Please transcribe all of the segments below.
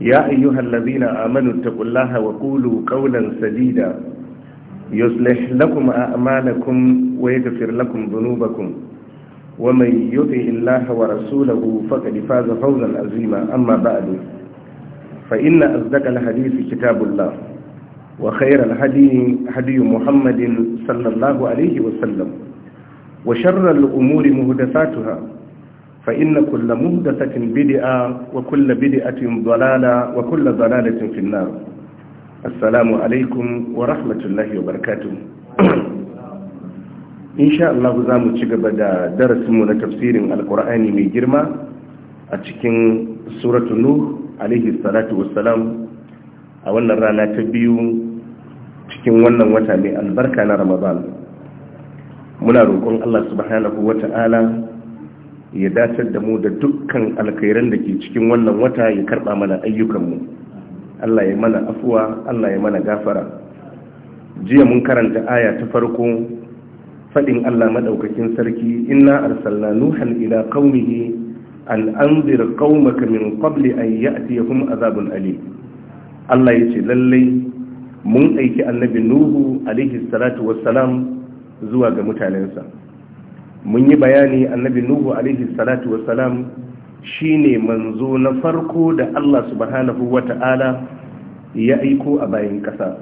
ya ayyuhal lazina amanu taɓullaha wa ƙulu ƙaunan sadida yuslih lakum a amalakum wa ya gafir lakum zunubakum wa mai yufi illaha wa rasulahu faƙa difa za fauzan azima amma ba a fa inna azdaƙa hadisi kitabullah wa khairar hadiyu muhammadin sallallahu alaihi wasallam wa sharrar umuri muhudasatuha فإن كل مهدسة بدعة وكل بدعة ضلالة وكل ضلالة في النار السلام عليكم ورحمة الله وبركاته إن شاء الله زامو تشغب دا درس من تفسير القرآن من جرمى أتكين سورة نوح عليه الصلاة والسلام أولا رانا تبيو تكين ونن وتامي البركة albarka na ramadan الله سبحانه وتعالى ya dace da mu da dukkan alkhairan da ke cikin wannan wata ya karba mana ayyukanmu Allah ya mana afuwa Allah ya mana gafara jiya mun karanta aya ta farko fadin Allah madaukakin sarki inna arsalna nuhan ila qaumihi an anzir qaumaka min qabli an ya'tiyahum azabun alim Allah yace lallai mun aiki annabi nuhu alaihi salatu wassalam zuwa ga mutanensa mun yi bayani annabi nuhu alaihi salatu wassalam shine manzo na farko da Allah subhanahu wata'ala ya aiko a bayan kasa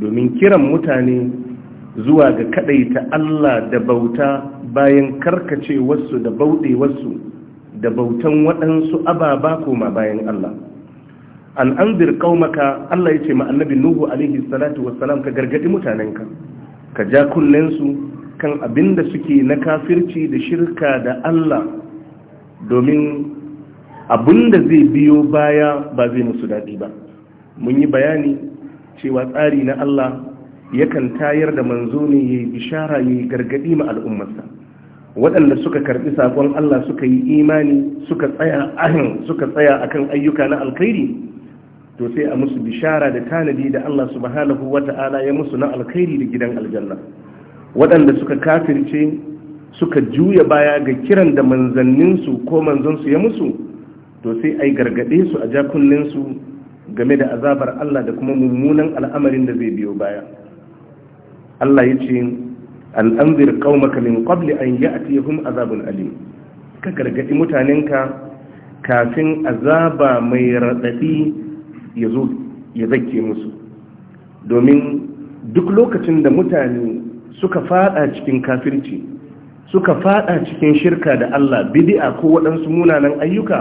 domin kiran mutane zuwa ga kadaita Allah da bauta bayan karkace wasu da baude wasu da bautan waɗansu ababa koma bayan Allah an anzir qaumaka Allah yace ma annabi nuhu alaihi salatu wassalam ka gargadi mutanenka ka ja kunnensu kan abin da suke na kafirci da shirka da Allah domin abin da zai biyo baya ba zai musu daɗi ba mun yi bayani cewa tsari na Allah yakan tayar da manzo ne ya yi bishara ya yi gargaɗi ma al'ummarsa waɗanda suka karɓi saƙon Allah suka yi imani suka tsaya ahin suka tsaya akan ayyuka na alkhairi to sai a musu bishara da tanadi da Allah subhanahu wata'ala ya musu na alkhairi da gidan aljanna waɗanda suka kafirce suka juya baya ga kiran da manzanninsu ko manzansu ya musu to sai ai gargaɗe su a jakunninsu game da azabar Allah da kuma mummunan al'amarin da zai biyo baya Allah ya ce an anzir qaumaka min qabli an ya'tiyahum azabun alim ka gargaɗi mutanenka kafin azaba mai raɗaɗi ya zo ya zake musu domin duk lokacin da mutane suka fada cikin kafirci suka fada cikin shirka da Allah bid'a ko waɗansu munanan ayyuka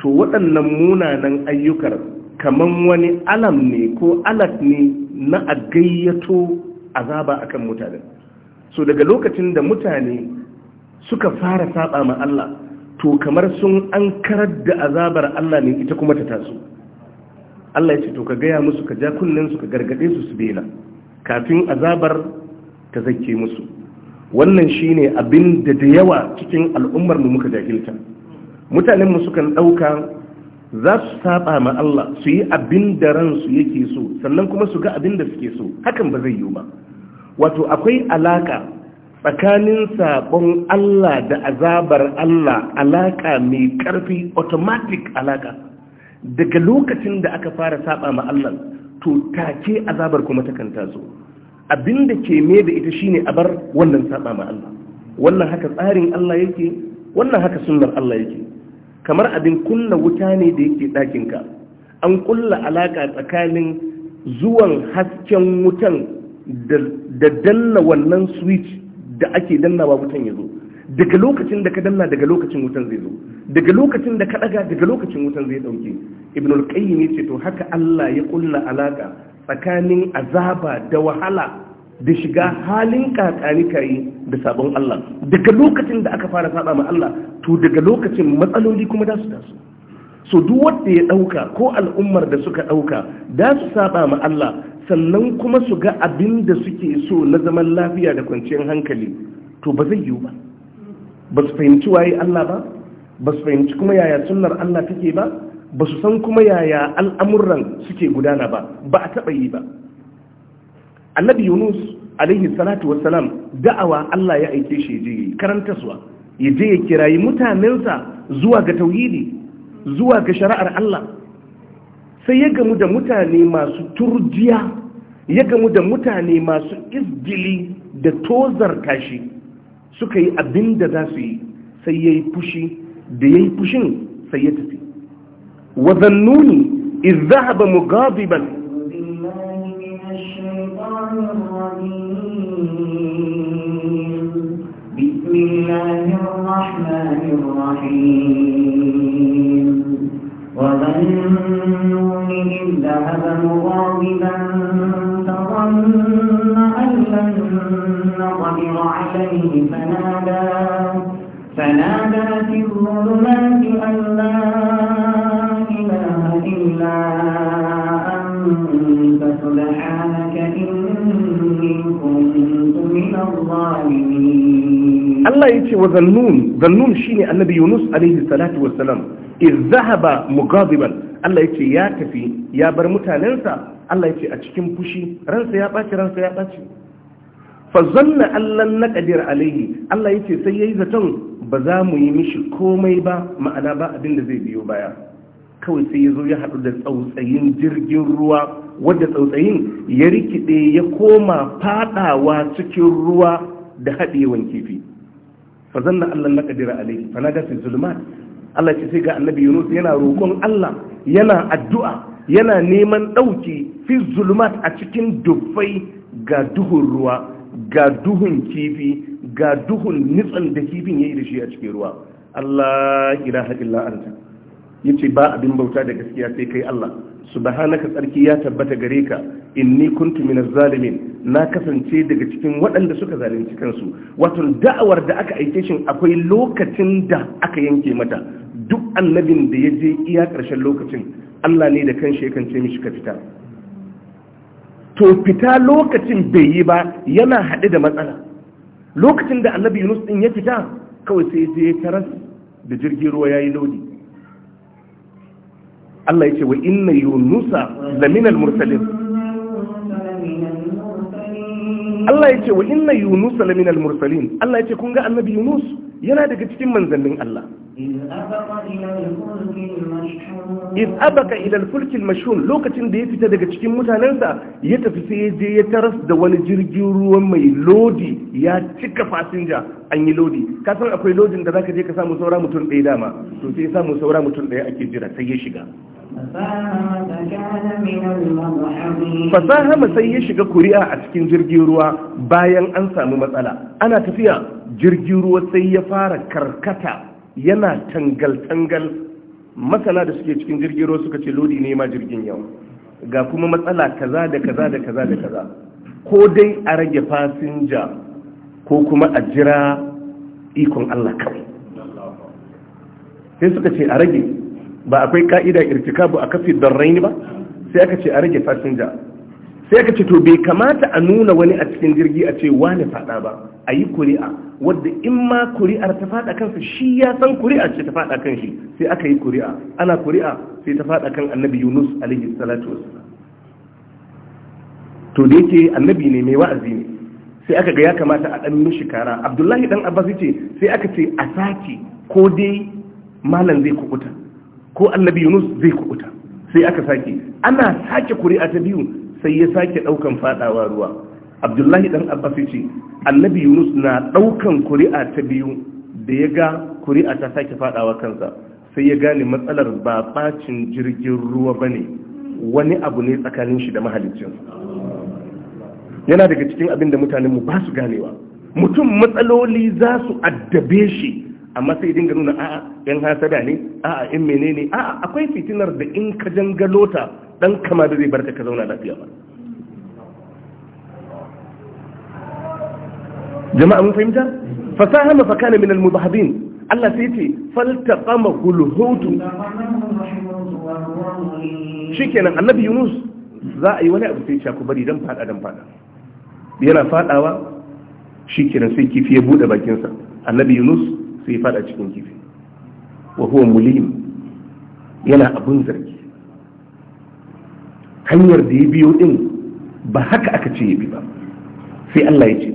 to waɗannan munanan ayyukar kaman wani alam ne ko alat ne na a gayyato azaba akan mutane so daga lokacin da mutane suka fara saba ma Allah to kamar sun an karar da azabar Allah ne ita kuma ta taso Allah ya ce to ka gaya musu ka ja kunnen su ka gargade su su dena kafin azabar ta zake musu wannan shine abin da da yawa cikin al'ummar mu muka jahilta mutanen mu sukan ɗauka za su saba ma Allah su yi abin da ransu yake so sannan kuma su ga abin da suke so hakan ba zai yiwu ba wato akwai alaka tsakanin saƙon Allah da azabar Allah alaka mai ƙarfi automatic alaka daga lokacin da aka fara saba ma Allah to take azabar kuma takan taso abin da ke me da ita shine a bar wannan saba ma Allah wannan haka tsarin Allah yake wannan haka sunnar Allah yake kamar abin kunna wuta ne da yake ɗakinka an kulla alaka tsakanin zuwan hasken wutan da danna wannan switch da ake ba wutan ya zo daga lokacin da ka danna daga lokacin wutan zai zo daga lokacin da ka daga daga lokacin wutan zai dauke ibnul qayyim yace to haka Allah ya kulla alaka tsakanin azaba da wahala da shiga halin kakari kayi da sabon Allah daga lokacin da aka fara saba ma Allah to daga lokacin matsaloli kuma da su taso so duk wanda ya dauka ko al'ummar da suka dauka da su saba ma Allah sannan kuma su ga abin da suke so na zaman lafiya da kwanciyar hankali to ba zai yiwu ba ba su fahimci waye Allah ba ba su fahimci kuma yaya sunnar Allah take ba ba su san kuma yaya al'amuran suke gudana ba ba a taɓa yi ba annabi yunus alaihi salatu wassalam da'awa allah ya aike shi je yi karantaswa ya je ya kirayi mutanensa zuwa ga tauhidi zuwa ga shari'ar allah sai ya gamu da mutane masu turjiya ya gamu da mutane masu izgili da tozar kashi suka yi abin da za su yi sai ya yi fushi da ya yi fushin sai ya tafi وظنوني إذ ذهب مغاضبا بسم الله الرحمن الرحيم إذ ذهب مغاضبا أن فنادى فنادى في الظلمات أن لا Allah ya ce wa zannun zannun shine annabi Yunus alaihi salatu wassalam iz zahaba mugadiban Allah ya ce ya tafi ya bar mutanensa Allah ya ce a cikin fushi ransa ya baci ransa ya baci fa zanna Allah na qadir Allah ya ce sai yayi zaton ba za mu yi mishi komai ba ma'ana ba abin da zai biyo baya kawai sai ya zo ya haɗu da tsautsayin jirgin ruwa wadda tsautsayin ya rikide ya koma fadawa cikin ruwa da haɗewan kifi fa zanna Allah na kadira alaihi fa naga fi zulmat Allah ce sai ga annabi Yunus yana roƙon Allah yana addu'a yana neman ɗauki fi zulmat a cikin dubbai ga duhun ruwa ga duhun kifi ga duhun nitsan da kifin yayi da shi a cikin ruwa Allah ilaha illa anta yace ba abin bauta da gaskiya sai kai Allah subhanaka tsarki ya tabbata gare ka inni kuntu minaz zalimin na kasance daga cikin waɗanda suka zalunci kansu wato da'awar da aka aike shin akwai lokacin da aka yanke mata duk annabin da ya je iya ƙarshen lokacin Allah ne da kanshi yakan ce mishi ka fita to fita lokacin bai yi ba yana haɗe da matsala lokacin da annabi Yunus din ya fita kawai sai je taras da jirgin ruwa yayi lodi Allah ya ce wa inna yunusa da minal mursalin Allah ya ce wa inna yunusa da minal mursalin Allah ya ce kun ga annabi yunus yana daga cikin manzannin Allah in abaka ila al-fulk lokacin da ya fita daga cikin mutanensa ya tafi sai ya je ya taras da wani jirgin ruwa mai lodi ya cika fasinja an yi lodi ka san akwai lodin da zaka je ka samu saura mutum ɗaya dama to sai ya samu saura mutum ɗaya ake jira sai ya shiga fasahama sai ya shiga kuri'a a cikin jirgin ruwa bayan an samu matsala ana tafiya jirgin ruwa sai ya fara karkata yana tangal-tangal masana da suke cikin jirgin ruwa suka ce lodi ne ma jirgin yau ga kuma matsala kaza da kaza da kaza da kaza ko dai a rage fasinja ko kuma a jira ikon Allah kawai sai suka ce a rage ba akwai ka'ida irtikabu a kafi don raini ba sai aka ce a rage fasinja sai ka ce to bai kamata a nuna wani a cikin jirgi a ce wani fada ba a yi kuri'a wadda in ma kuri'ar ta fada kansa shi ya san kuri'a ce ta fada kan shi sai aka yi kuri'a ana kuri'a sai ta fada kan annabi yunus alaihi salatu to da yake annabi ne mai wa'azi ne sai aka ga ya kamata a dan mishi kara abdullahi dan abbas yace sai aka ce a sake ko dai malam zai kukuta ko annabi yunus zai kukuta sai aka sake ana sake kuri'a ta biyu sai ya sake ɗaukan faɗawa ruwa abdullahi dan abbas ce annabi yunus na ɗaukan kuri'a ta biyu da ya ga kuri'a ta sake faɗawa kansa sai ya gane matsalar ba bacin jirgin ruwa bane wani abu ne tsakanin shi da mahalicin yana daga cikin abin da mu ba su ganewa mutum matsaloli za su addabe shi amma sai dinga nuna a'a yan hasada ne a'a in menene a'a akwai fitinar da in ka jangalota dan kama da zai bar ka zauna lafiya ba jama'a mun fahimta fasaha na fa kana min Allah sai ce faltaqama hulhutu shikenan annabi Yunus za a yi wani abu sai ku bari don fada don fada yana fadawa shikenan sai kifi ya bude bakinsa. annabi Yunus sai ya fada cikin kifi wa huwa mulim yana abun zargi hanyar da ya biyo din ba haka aka ce ya bi ba sai Allah ya ce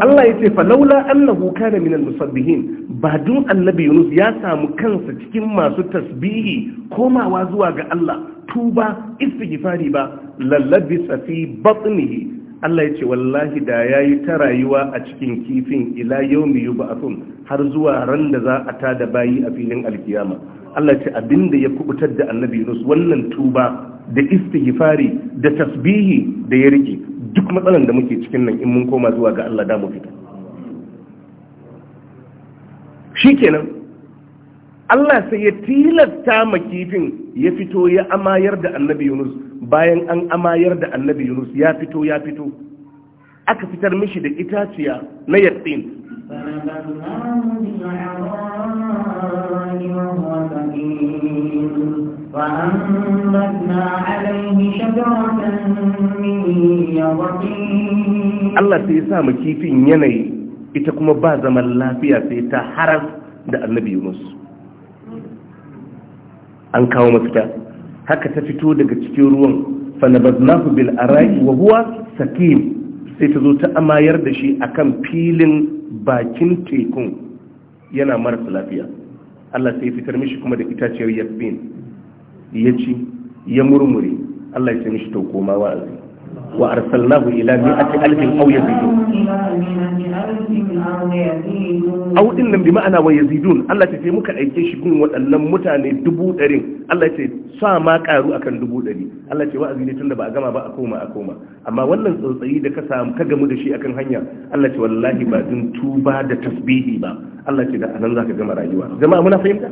Allah ya ce falaula annahu kana min al-musabbihin ba dun annabi Yunus ya samu kansa cikin masu tasbihi komawa zuwa ga Allah tuba istighfari ba lallabi safi batnihi Allah ya ce wallahi da yayi ta rayuwa a cikin kifin ila yawmi yub'athun har zuwa ran da za a tada bayi a filin alkiyama Allah ce abinda ya kubutar da annabi Yunus wannan tuba da istighfari da tasbihi da ya rike duk matsalan da muke cikin nan in mun koma zuwa ga Allah da mu fita shikenan Allah sai ya tilasta ma kifin ya fito ya amayar da annabi Yunus bayan an amayar da annabi Yunus ya fito ya fito aka fitar mishi da itaciya na yatsin Allah sai ya sa ma kifin yanayi ita kuma ba zaman lafiya sai ta harar da annabi Yunus. an kawo mafita haka ta fito daga cikin ruwan fanabaznahu bil ara'i wa huwa sakin sai ta zo ta amayar da shi akan filin bakin tekun yana marasa lafiya Allah sai fitar mishi kuma da itaciyar yasbin ya ci ya murmure Allah ya ce mishi to koma wa'azi wa arsalnahu ila mi'ati alfin aw yazidun aw din nan bi ma'ana wa yazidun Allah ta sai muka aike shi gun waɗannan mutane dubu ɗarin Allah ce sa ma karu akan dubu ɗari Allah ce wa'azi ne tunda ba a gama ba a koma a koma amma wannan tsotsayi da ka samu ka gamu da shi akan hanya Allah ce wallahi ba din tuba da tasbihi ba Allah ce da anan zaka gama rayuwa jama'a muna fahimta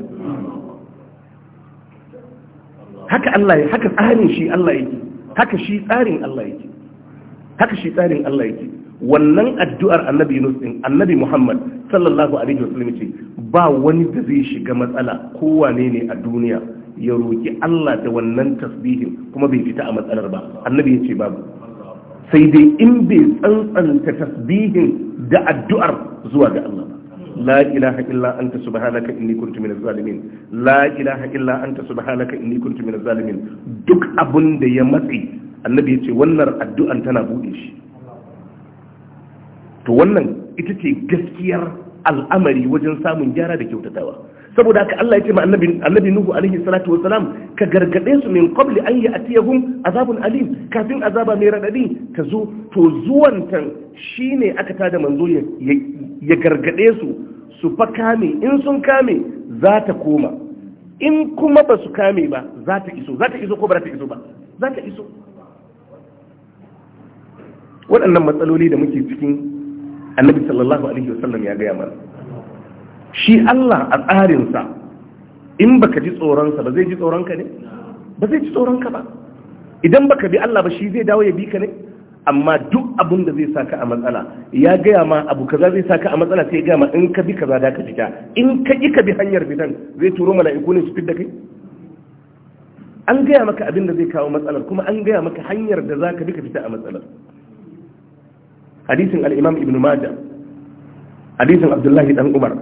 haka Allah haka tsarin shi Allah yake haka shi tsarin Allah yake haka shi tsarin Allah yake wannan addu'ar annabi Yunus din annabi Muhammad sallallahu alaihi wasallam ce ba wani da zai shiga matsala kowane ne a duniya ya roki Allah da wannan tasbihin kuma bai fita a matsalar ba annabi ya ce babu sai dai in bai tsantsanta tasbihin da addu'ar zuwa ga Allah ba la ilaha illa anta subhanaka inni kuntu minaz zalimin la ilaha illa anta subhanaka inni kuntu minaz zalimin duk abun da ya matsi annabi yace wannan addu'an tana bude shi to wannan ita ce gaskiyar al'amari wajen samun gyara da kyautatawa saboda haka Allah ya ce ma annabi annabi Nuhu alaihi salatu wassalam ka gargade su min qabli an ya'tiyahum azabun alim kafin azaba mai radadi ta zo to zuwan tan shine aka tada manzo ya gargade su su fa kame in sun kame za ta koma in kuma ba su kame ba za ta iso za ta iso ko ba ta iso ba za ta iso waɗannan matsaloli da muke cikin annabi sallallahu alaihi wasallam ya gaya mana shi Allah a tsarinsa in baka ji tsoronsa ba zai ji tsoronka ne ba zai ji tsoronka ba idan baka bi Allah ba shi zai dawo ya bi ka ne amma duk abin da zai ka a matsala ya gaya ma abu kaza zai sa ka a matsala sai gama gaya ma in ka bi kaza da ka fita in ka ki ka bi hanyar fitan zai turo mala'iku ne su fidda kai an gaya maka abin da zai kawo matsalar kuma an gaya maka hanyar da za ka bi ka fita a matsalar hadisin al-imam ibn majah hadisin abdullahi dan umar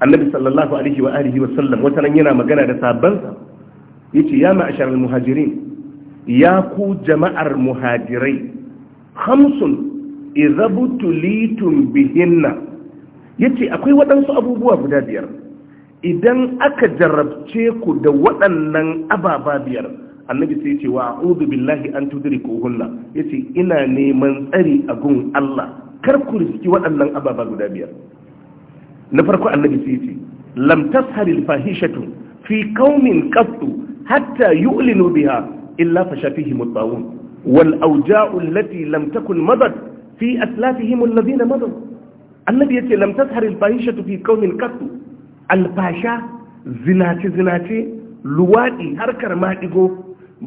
annabi sallallahu alaihi wa alihi wa sallam wata nan yana magana da sabansa yace ya ma'ashar muhajirin ya ku jama'ar muhajirai khamsun idza butulitum bihinna yace akwai waɗansu abubuwa guda biyar idan aka jarrabce ku da waɗannan ababa biyar annabi sai ce wa a'udhu billahi an tudrikuhunna yace ina neman tsari a gun Allah kar ku riski waɗannan ababa guda biyar na farko annabi sai ce lam tasharil fahishatu fi qaumin qattu hatta yu'linu biha illa fashafihim at-tawun wal awja'u allati lam takun madat fi aslafihim alladhina madu annabi yace lam tasharil fahishatu fi qaumin qattu al-fasha zinace zinace luwadi harkar madigo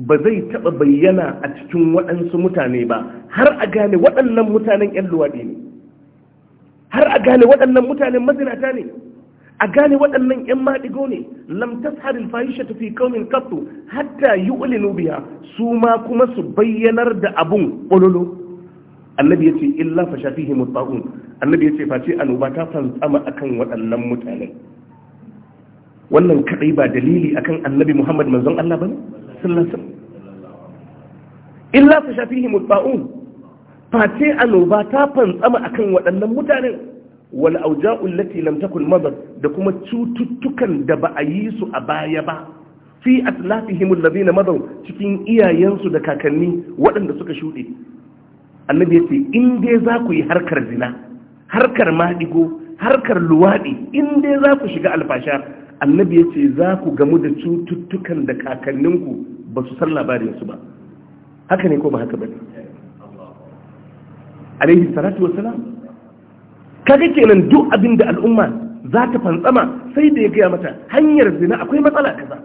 ba zai taɓa bayyana a cikin waɗansu mutane ba har a gane waɗannan mutanen 'yan luwaɗi ne har a gane waɗannan mutanen mazinata ne a gane waɗannan 'yan maɗigo ne lam tasharil fahisha fi qaumin qattu hatta yu'linu biha su ma kuma su bayyanar da abun ƙololo annabi ya yace illa fa shafihi mutaqun annabi yace face annoba ta fantsama kan waɗannan mutane wannan kaɗai ba dalili akan annabi Muhammad manzon Allah bane sallallahu alaihi wasallam illa fa shafihi mutaqun face annoba ta fantsama akan waɗannan mutanen wani auja lati lam takun mazar da kuma cututtukan da ba a yi su a baya ba fi atlafihim alladhina mazar cikin iyayensu da kakanni waɗanda suka shuɗe annabi yace in dai za ku yi harkar zina harkar maɗigo, harkar luwaɗi in dai za ku shiga alfasha annabi yace za ku gamu da cututtukan da kakanninku ba su san labarinsu ba haka ne ko ba haka ba ne alaihi salatu wassalam kaga kenan duk abin da al'umma za ta fantsama sai da ya gaya mata hanyar zina akwai matsala kaza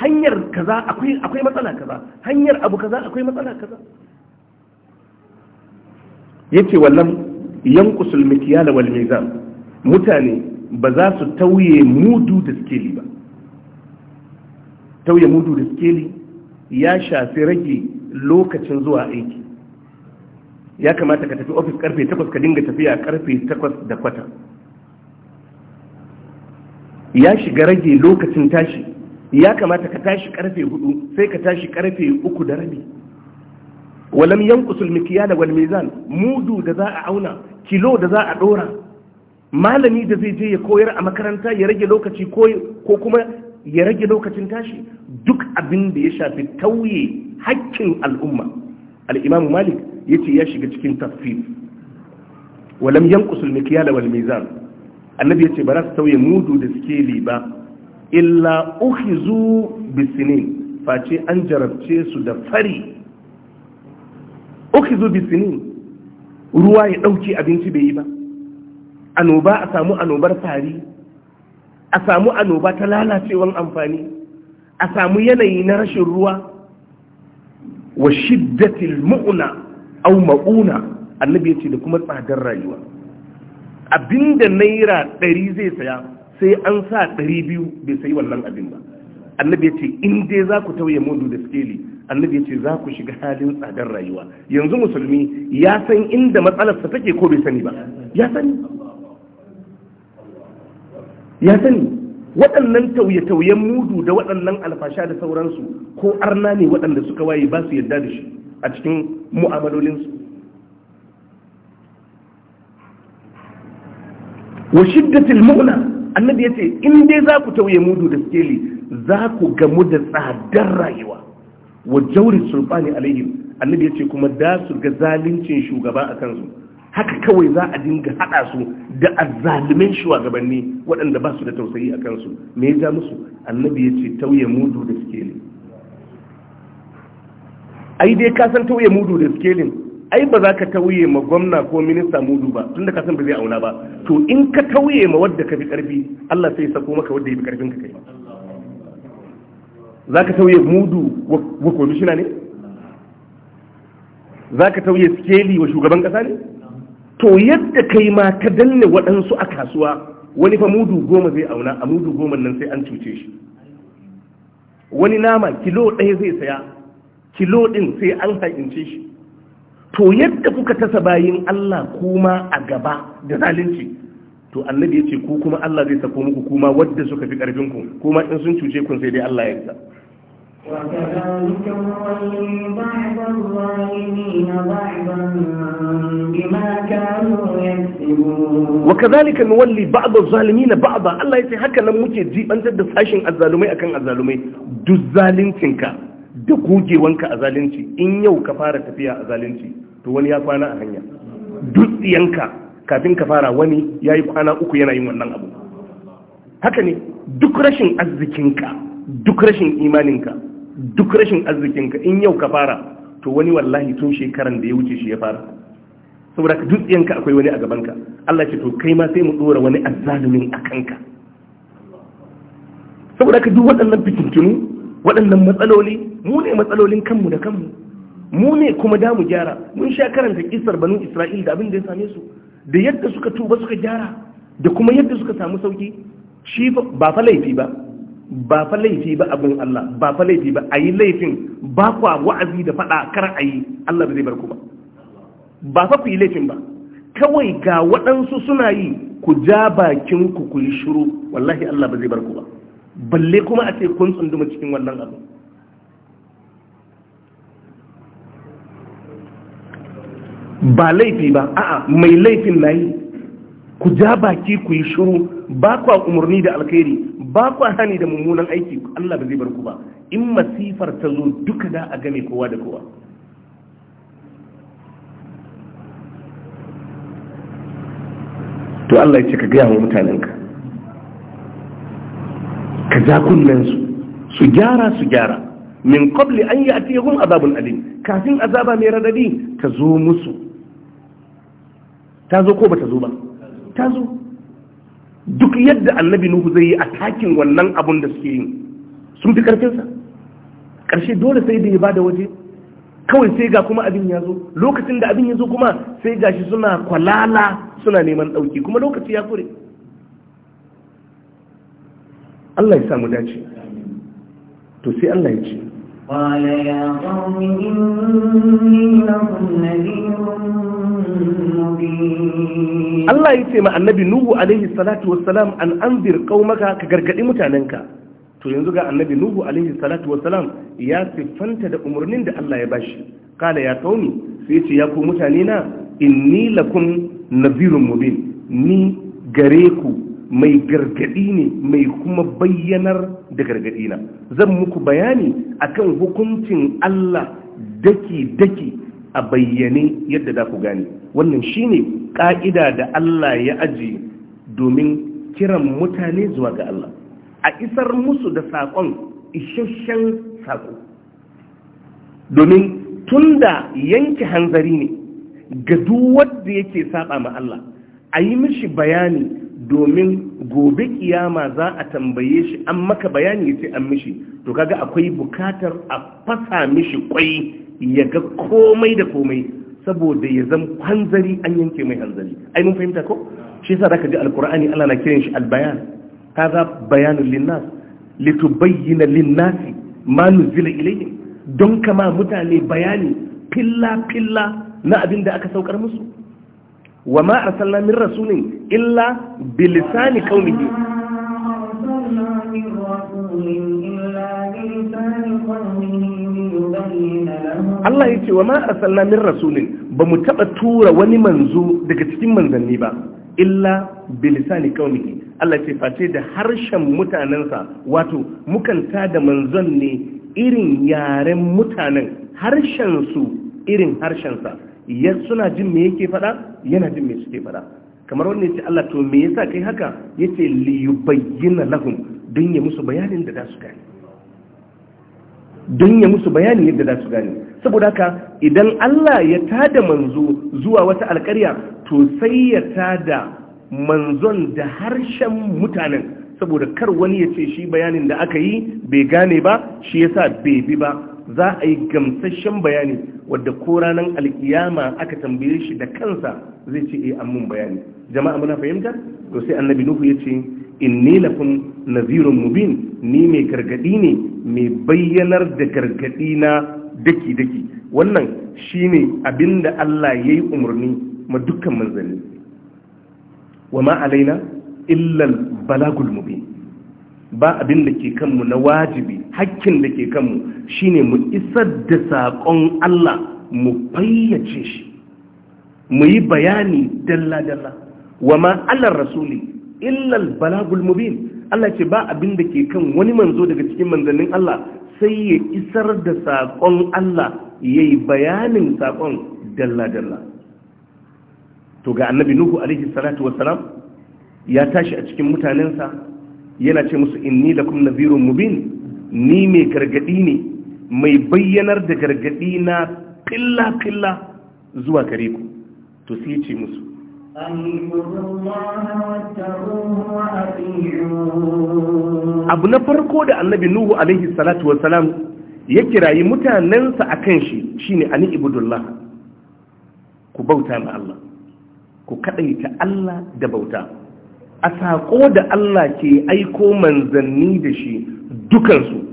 hanyar kaza akwai akwai matsala kaza hanyar abu kaza akwai matsala kaza yace wallan yanqusul mikyala wal mizan mutane ba za su tauye mudu da skeli ba tauye mudu da skeli ya shafi rage lokacin zuwa aiki ya kamata ka tafi ofis karfe 8 ka dinga tafiya karfe 8 da kwata ya shiga rage lokacin tashi ya kamata ka tashi karfe hudu, sai ka tashi karfe uku da rabi walam yankusul mikyala wal mizan mudu da za a auna kilo da za a dora malami da zai je ya koyar a makaranta ya rage lokaci ko kuma ya rage lokacin tashi duk abin da ya shafi tauye hakkin al'umma al'imamu malik yace ya shiga cikin tafsir walam yanqusul mikyala wal mizan annabi yace ba za su sauya mudu da sikeli ba illa ukhizu bisinin face an jarabce su da fari ukhizu bisinin ruwa ya dauki abinci bai yi ba Anoba a samu anobar fari a samu anoba ta lalacewan amfani a samu yanayi na rashin ruwa wa shiddatil mu'una au ma'una annabi ya ce da kuma tsadar rayuwa abinda naira ɗari zai saya sai an sa ɗari biyu bai sayi wannan abin ba annabi ya ce in dai za ku tauye mudu da skeli annabi ya ce za ku shiga halin tsadar rayuwa yanzu musulmi ya san inda matsalarsa take ko bai sani ba ya sani ya sani waɗannan tauye-tauyen mudu da waɗannan alfasha da sauransu ko arna ne waɗanda suka waye ba su yarda da shi a cikin mu'amalolinsu wa shiddatil mu'na annabi yace, in dai za ku tauye mudu da skeli za ku gamu da tsadar rayuwa wa jawri sulfani alaihim annabi yace, kuma da su ga zaluncin shugaba a kansu haka kawai za a dinga haɗa su da azzalumin shugabanni waɗanda ba su da tausayi a kansu me ya ja musu annabi yace, tauye mudu da skeli ai dai ka san tauye mudu da scaling ai ba za ka tauye ma gwamna ko minista mudu ba tunda ka san ba zai auna ba to in ka tauye ma wadda ka fi karfi Allah sai ya sako maka wadda ya fi karfin ka kai za ka tauye mudu wa komishina ne za ka tauye scaling wa shugaban kasa ne to yadda kai ma ka danne waɗansu a kasuwa wani fa mudu goma zai auna a mudu goma nan sai an cuce shi wani nama kilo ɗaya zai saya kilo ɗin sai an ha'ince shi to yadda kuka tasa bayin Allah kuma a gaba da zalunci to annabi ya ce ku kuma Allah zai sako muku kuma wanda suka fi ƙarfin ku kuma in sun cuce kun sai dai Allah ya yarda وكذلك نولي بعض الظالمين بعضا بما كانوا يكسبون وكذلك نولي بعض الظالمين بعضا الله يتي هكذا muke jibantar da sashin azzalumai akan azzalumai duk zaluncinka da gogewanka a zalunci in yau ka fara tafiya a zalunci to wani ya kwana a hanya dutsiyanka kafin ka fara wani ya yi kwana uku yana yin wannan abu haka ne duk rashin arzikinka duk rashin imaninka duk rashin arzikinka in yau ka fara to wani wallahi tun shekaran da ya wuce shi ya fara saboda ka dutsiyanka akwai wani a gabanka Allah ce to kai ma sai mu dora wani azzalumin a kanka saboda ka duk waɗannan fitintunu waɗannan matsaloli mu ne matsalolin kanmu da kanmu mu ne kuma damu gyara mun sha karanta kisar banu isra'il da abin da ya same su da yadda suka tuba suka gyara da kuma yadda suka samu sauki shi ba fa laifi ba ba fa laifi ba abin Allah ba fa laifi ba a laifin ba kwa wa'azi da faɗa kar ayi yi Allah ba zai bar ku ba ba fa ku yi laifin ba kawai ga waɗansu suna yi ku ja bakin ku ku yi shiru wallahi Allah ba zai bar ku ba balle kuma a ce kun tsunduma cikin wannan abu ba laifi ba a'a mai laifin na yi ku ja baki ku yi shuru ba kwa umarni da alkhairi ba kwa hani da mummunan aiki Allah ba zai bar ku ba in masifar ta zo duka da a game kowa da kowa to Allah ya ce ka gaya wa mutanenka ka ja su gyara su gyara min qabli an ya'tihum azabun alim kafin azaba mai radadi ta zo musu ta zo ko ba ta zo ba ta zo duk yadda annabi nuhu zai yi a takin wannan abun da suke yi sun fi karfinsa ƙarshe dole sai da ya ba da waje kawai sai ga kuma abin ya zo lokacin da abin ya zo kuma sai gashi suna kwalala suna neman ɗauki kuma lokaci ya kure Allah ya samu dace to sai Allah ya ce قال يا قوم إني Allah ya مبين الله يتيما النبي نوح عليه الصلاة an أن أنذر ka gargadi mutanenka, to yanzu ga annabi nuhu alaihi salatu wassalam ya siffanta da umarnin da Allah ya bashi kala ya kauni sai ce ya ku mutane na inni lakum nadhirun mubin ni gare ku mai gargadi ne mai kuma bayyanar da gargadi na zan muku bayani akan hukuncin Allah daki-daki a bayyane yadda za ku gane wannan shine ka'ida da Allah ya aji domin kiran mutane zuwa ga Allah a isar musu da saƙon isasshen saƙo domin tunda yanke hanzari ne ga duk wanda yake saba ma Allah a yi mishi bayani domin gobe kiyama za a tambaye shi an maka bayani ya ce an mishi to kaga akwai bukatar a fasa mishi kwai ya ga komai da komai saboda ya zama hanzari an yanke mai hanzari ai mun fahimta ko shi yasa zaka ji alqur'ani Allah na kiran shi albayan kaza bayanul linnas litubayyana linnasi ma nuzila ilayhim don kama mutane bayani filla filla na abin da aka saukar musu wa ma arsalna min rasulin illa bi lisani Allah ya ce wa ma arsalna min rasulin ba mu taɓa tura wani manzo daga cikin manzanni ba illa bilisani kaunihi Allah ce face da harshen mutanensa wato mukan da manzon ne irin yaren mutanen su irin harshensa suna jin me yake faɗa yana jin me suke faɗa kamar wannan yace Allah to me yasa kai haka yace li yubayyin lahum don ya musu bayanin da za su gane ya musu bayani yadda za su gane saboda haka idan Allah ya tada manzo zuwa wata alƙarya to sai ya tada manzon da harshen mutanen saboda kar wani ya ce shi bayanin da aka yi bai gane ba shi yasa bai bi ba za a yi gamsashen bayani wadda ko ranar alkiyama aka tambaye shi da kansa zai ce e an bayani jama'a muna fahimta to sai annabi nuhu ya ce inni lakum nazirun mubin ni mai gargadi ne mai bayyanar da gargadi na daki daki wannan shine abinda Allah yayi umarni ma dukkan manzanni wa ma alaina illa al balagul mubin ba abin da ke kanmu na wajibi hakkin da ke kanmu shine mu isar da saƙon Allah mu fayyace shi mu yi bayani dalla-dalla wa ma Allah rasuli illal balagul mubin Allah ce ba abin da ke kan wani manzo daga cikin manzannin Allah sai ya isar da saƙon Allah ya yi bayanin saƙon dalla-dalla to ga annabi nuhu alaihi salatu wasalam ya tashi a cikin mutanensa yana ce musu inni kuma nadhirun mubin ni mai gargadi ne mai bayyanar da gargadi na ƙilla-ƙilla zuwa gare ku to sai ce musu abu na farko da annabi nuhu alaihi salatu wasalam ya kirayi mutanensa a kan shi shine ani ibudullah ku bauta ma Allah ku kaɗaita Allah da bauta a saƙo da Allah ke aiko manzanni da shi dukansu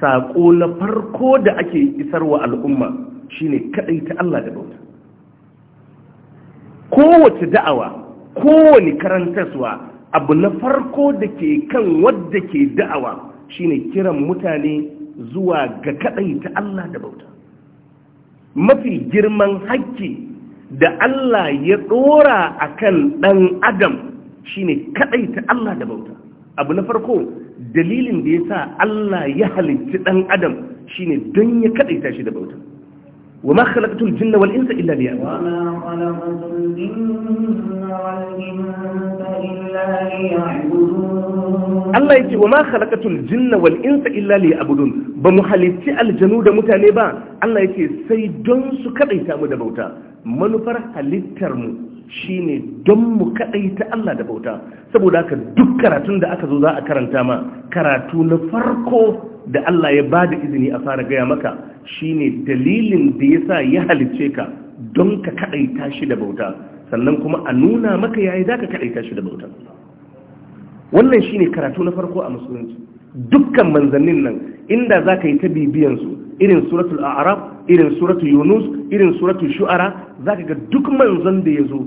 saƙo na farko da ake isarwa al'umma shine kaɗai ta Allah da bauta kowace da'awa kowane karantarwa abu na farko da ke kan wadda ke da'awa shine kiran mutane zuwa ga kaɗai ta Allah da bauta mafi girman hakki da Allah ya ɗora a kan ɗan adam shine kadaita Allah da bauta abu na farko dalilin da yasa Allah ya halitta dan adam shine don ya kadaita shi da bauta wa ma khalaqatul jinna wal insa illa liya wa ma Allah yake wa ma khalaqatul jinna wal insa illa liya'budun ba mu halitti aljanu da mutane ba Allah yake sai don su kadaita mu da bauta manufar halittar mu Shi ne don mu kaɗaita ta Allah da bauta saboda haka duk karatun da aka zo za a karanta ma karatu na farko da Allah ya ba da izini a fara gaya maka shi ne dalilin da ya sa ya halicce ka don ka ta shi da bauta sannan kuma a nuna maka yayi kaɗai ta shi da bauta wannan shi ne karatu na farko a musulunci dukkan manzannin nan inda za ka yi ta bibiyansu irin suratul a'raf irin suratul yunus irin suratul shu'ara za ka ga duk manzon da ya zo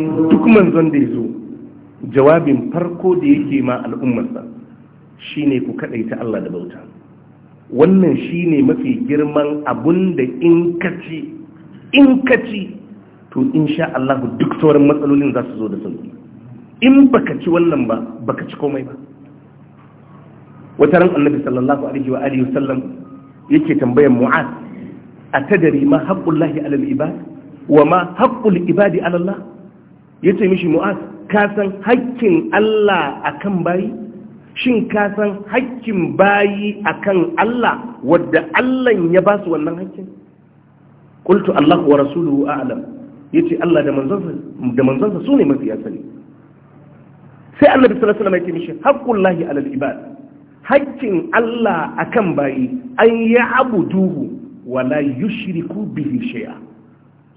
duk manzon da ya zo jawabin farko da yake ma al'ummarsa shine ku kaɗaita Allah da bauta wannan shine mafi girman abun da in kaci in kaci to insha Allah duk sauran matsalolin za su zo da sauki in baka ci wannan ba baka ci komai ba wata ran annabi sallallahu alaihi wa alihi wasallam yake tambayar mu'az atadari ma haqqullahi alal ibad wa ma haqqul ibadi alallah Allah ya ce mishi mu'az ka san haƙƙin Allah a akan bayi shin ka san haƙƙin bayi kan Allah wadda Allah ya ba su wannan haƙƙin qultu Allah wa rasuluhu a'lam ce Allah da manzansa su ne sune mafi sani sai Annabi sallallahu alaihi wasallam ya ce mishi haqqullahi 'alal ibad haƙƙin Allah akan bayi an ya'buduhu wa la yushriku bihi shay'a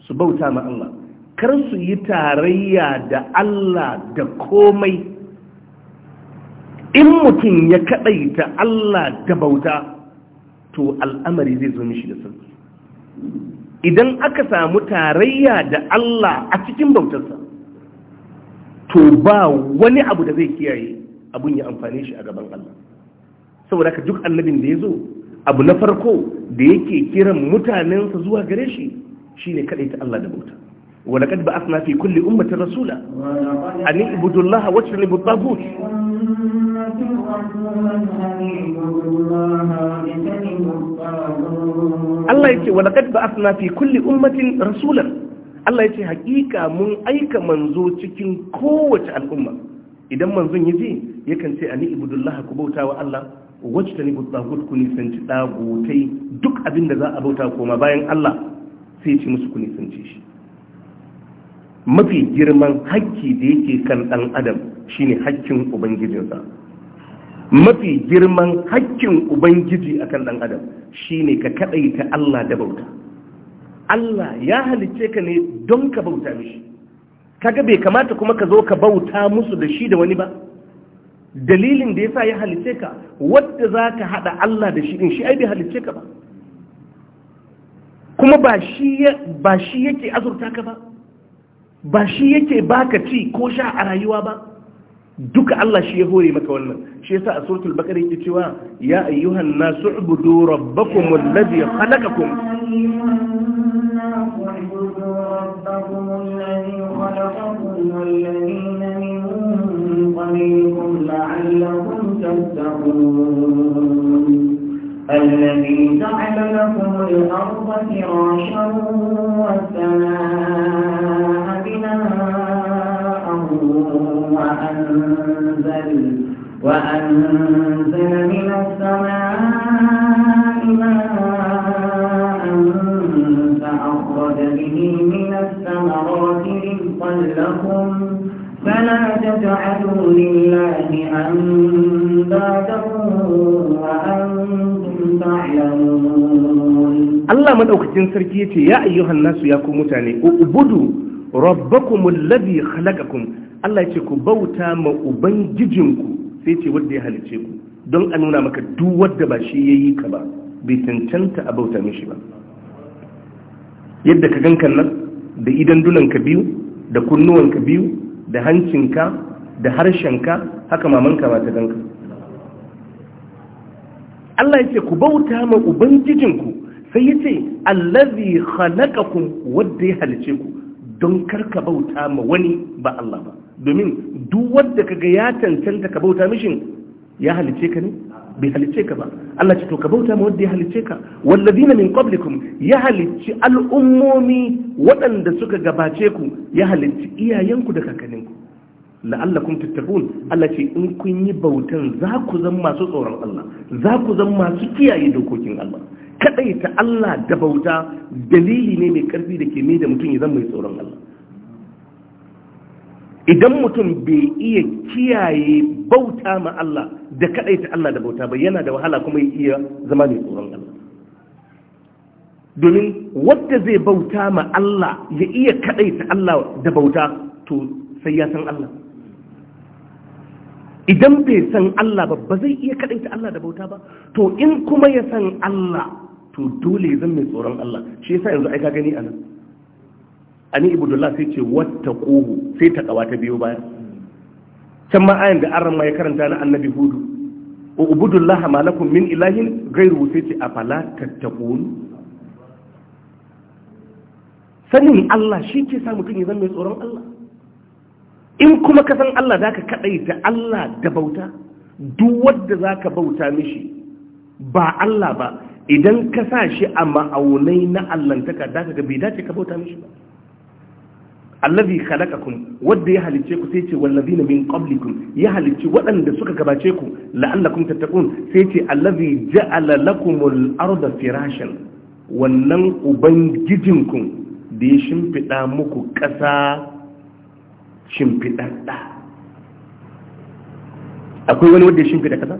su bauta ma Allah kar su yi tarayya da Allah da komai in mutum ya kaɗaita Allah da bauta to al'amari zai zo mishi da sauki idan aka samu tarayya da Allah a cikin bautarsa to ba wani abu da zai kiyaye abun ya amfane shi a gaban Allah saboda ka duk annabin da ya zo abu na farko da yake kiran mutanensa zuwa gare shi shine ta Allah da bauta ولقد بعثنا في كل أمة رسولا أن اعبدوا الله واجتنبوا الطاغوت Allah ya ce wa laqad ba'athna fi kulli ummatin rasulan Allah ya ce hakika mun aika manzo cikin kowace al'umma idan manzon yaje yakan ce ani ibudullah ku bauta wa Allah wajtani bu tagut ku nisanci dagutai duk abinda za a bauta koma bayan Allah sai ya musu ku nisanci shi mafi girman hakki da yake kan ɗan adam shine hakkin ubangijinsa mafi girman hakkin ubangiji akan ɗan adam shine ka kaɗaita Allah da bauta Allah ya halicce ka ne don ka bauta mishi kaga bai kamata kuma ka zo ka bauta musu da shi da wani ba dalilin da yasa ya halicce ka wadda za ka haɗa Allah da shi din shi ai bai halicce ka ba kuma ba shi yake azurta ka ba ba shi yake baka ci ko sha a rayuwa ba duka Allah shi ya hore maka wannan shi yasa a suratul baqara yake cewa ya ayyuhan nasu ubudu rabbakum alladhi khalaqakum لعلكم تتقون الذي جعل لكم الأرض فراشا والسماء بناء وأنزل, وأنزل من السماء ماء فأخرج به من الثمرات رزقا لكم فلا تجعلوا لله أندادا وأنتم تعلمون ya من أوكتين سركيتي يا أيها ya يا ubudu, اعبدوا ربكم الذي Allah ya ce ku bauta ma ubangijinku sai ce wadda ya halice ku don a nuna maka duk wanda ba shi yayi ka ba bai cancanta a bauta mishi ba yadda ka gankan nan da idan dunanka biyu da kunnuwanka biyu da hancinka da harshenka haka mamanka ma ta ganka Allah ya ku bauta ma ubangijinku sai yace ce allazi khalaqakum wadda ya halice ku don karka bauta ma wani ba Allah ba domin duk wanda kaga ya tantance ka bauta mishin ya halice ka ne bai halicce ka ba Allah ce to ka bauta ma wanda ya halicce ka wallazina min qablikum ya halicci al'ummomi waɗanda suka gabace ku ya halicci iyayenku da kakanninku la'allakum tattaqun Allah ce in kun yi bautan za ku zan masu tsoron Allah za ku zan masu kiyaye dokokin Allah ta Allah da bauta dalili ne mai karfi da ke mai da mutum ya zan mai tsoron Allah idan mutum bai iya kiyaye bauta ma Allah da kadai ta Allah da bauta ba yana da wahala kuma ya iya zama mai tsoron Allah domin wadda zai bauta ma Allah ya iya kadai ta Allah da bauta to sai ya san Allah idan bai san Allah ba ba zai iya kadai ta Allah da bauta ba to in kuma ya san Allah to dole ya mai tsoron Allah shi yasa yanzu ai ka gani anan? ani ibudullah sai ce wata ƙohu sai ta ƙawa ta biyo baya can ma da aran ma ya karanta na annabi hudu wa ubudullah ma min ilahin gairu sai ce afala tattaqun sanin Allah shi ke sa mutum ya zama mai tsoron Allah in kuma ka san Allah zaka kaɗai da Allah da bauta duk wadda za ka bauta mishi ba Allah ba idan ka sa shi a ma'aunai na allantaka da ka ga bai dace ka bauta mishi ba allazi khalaqakum wanda ya halice ku sai ce wallazina min qablikum ya halice waɗanda suka gabace ku la'allakum tattaqun sai ce allazi ja'ala lakumul arda firashan wannan ubangijinku da ya shimfida muku ƙasa shimfiɗaɗɗa akwai wani wanda ya shimfida ƙasa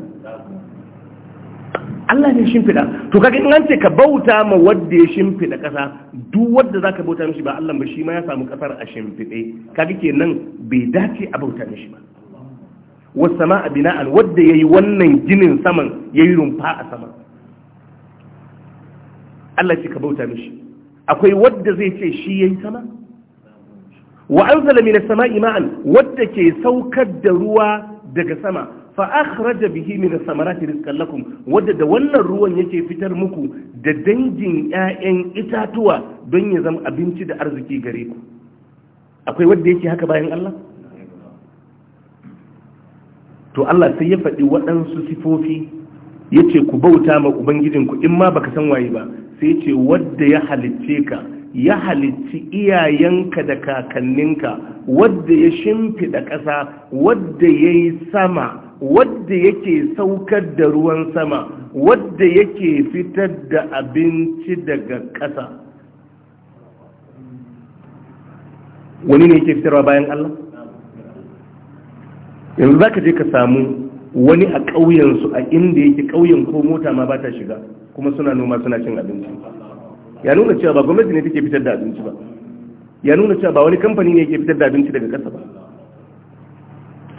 Allah ne shimfiɗa to kaga in an ce ka bauta ma wanda ya shimfiɗa ƙasa duk wanda zaka bauta mishi ba Allah ba shi ma ya samu ƙasar a shimfiɗe kaga kenan bai dace a bauta mishi ba was a bina'an wanda yayi wannan ginin saman yayi rumfa a sama Allah ce ka bauta mishi akwai wanda zai ce shi yayi sama wa anzala minas sama'i ma'an wanda ke saukar da ruwa daga sama fa akhraja bihi min samarati rizqan lakum wadda da wannan ruwan yake fitar muku da dangin ƴaƴan itatuwa don ya zama abinci da arziki gare ku akwai wanda yake haka bayan Allah to Allah sai ya faɗi waɗansu sifofi yace ku bauta ma ku in ma baka san waye ba sai yace wadda ya halicce ka ya halicci iyayenka da kakanninka wadda ya shimfiɗa ƙasa wadda ya yi sama wadda yake saukar da ruwan sama wadda yake fitar da abinci daga ƙasa wani ne yake fitarwa bayan Allah yanzu za ka je ka samu wani a ƙauyensu a inda yake ƙauyen ko mota ma ba ta shiga kuma suna noma suna cin abinci ya nuna cewa ba gwamnati ne take fitar da abinci ba ya nuna cewa ba wani kamfani ne yake fitar da abinci daga ƙasa ba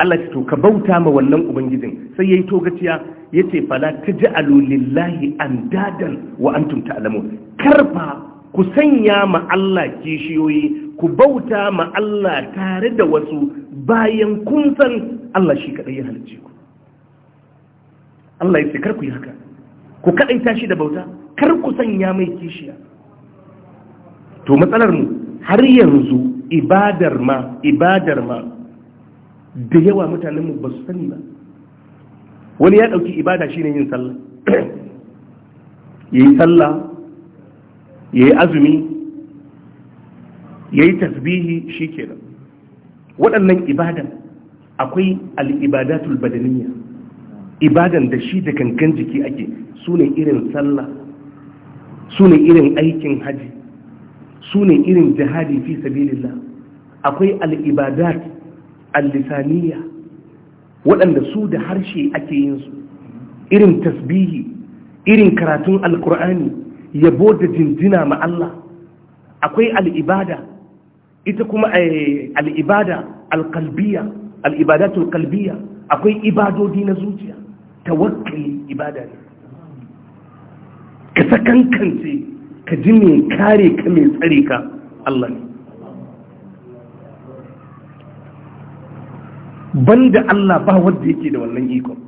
Allah to ka bauta ma wannan ubangijin sai yayi togaciya yace fala taj'alu lillahi andadan wa antum ta'lamun karfa ku sanya ma Allah kishiyoyi ku bauta ma Allah tare da wasu bayan kun san Allah shi kadai ya halicce ku Allah ya ce kar ku yi haka ku kadai tashi da bauta kar ku sanya mai kishiya to matsalar mu har yanzu ibadar ma ibadar ma da yawa mutanenmu ba su sani ba wani ya ɗauki ibada shine yin sallah ya yi sallah ya yi azumi ya yi tasbihi shi kenan waɗannan ibadan akwai al'ibadatul badaniya ibadan da shi da kankan jiki ake su ne irin sallah su irin aikin haji su irin jihadi fi sabilillah akwai al'ibada. al-lisaniya waɗanda su da harshe ake yin su irin tasbihi irin karatun alkur'ani yabo da jinjina ma Allah akwai al'ibada ita kuma eh, al'ibada alkalbiya al'ibadatul kalbiya akwai ibadodi na zuciya tawakkali ibada ne ka sakankance ka ji mai kare ka mai tsare ka Allah ne banda Allah ba wanda yake da wannan ikon.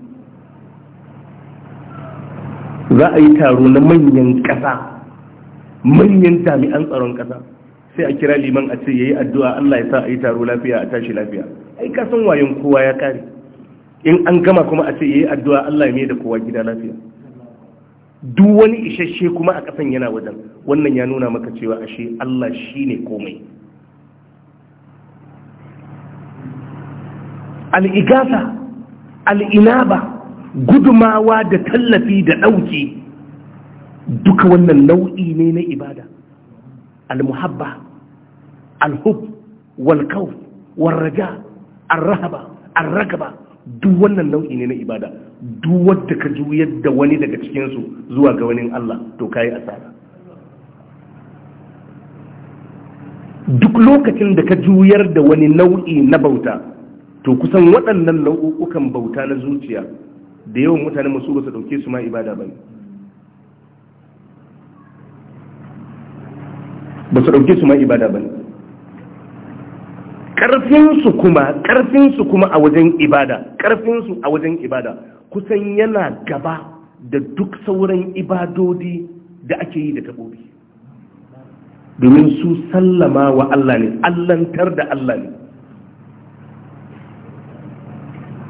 za a yi taro na manyan ƙasa manyan jami'an tsaron ƙasa sai a kira liman a ce yayi addu'a Allah ya sa a yi taro lafiya a tashi lafiya ai ka san wayan kowa ya kare in an gama kuma a ce yayi addu'a Allah ya mai da kowa gida lafiya duk wani isasshe kuma a ƙasan yana wajen wannan ya nuna maka cewa ashe Allah shine komai al'igasa al'inaba gudumawa da tallafi da ɗauki duka wannan nau'i ne na ibada al-muhabba al-hub wal kau, wal-raja al-rahaba al-ragaba duk wannan nau'i ne na ibada duk wadda ka juyar da wani daga cikinsu zuwa ga wani Allah to kayi asara duk lokacin da ka juyar da wani nau'i na bauta to kusan waɗannan nau'ukan bauta na zuciya da yawan mutane masu ba su ɗauke su ma ibada ba ba su ɗauke su ma ibada ba ƙarfinsu kuma ƙarfinsu kuma a wajen ibada ƙarfinsu a wajen ibada kusan yana gaba da duk sauran ibadodi da ake yi da taɓobi domin su sallama wa Allah ne allantar da Allah ne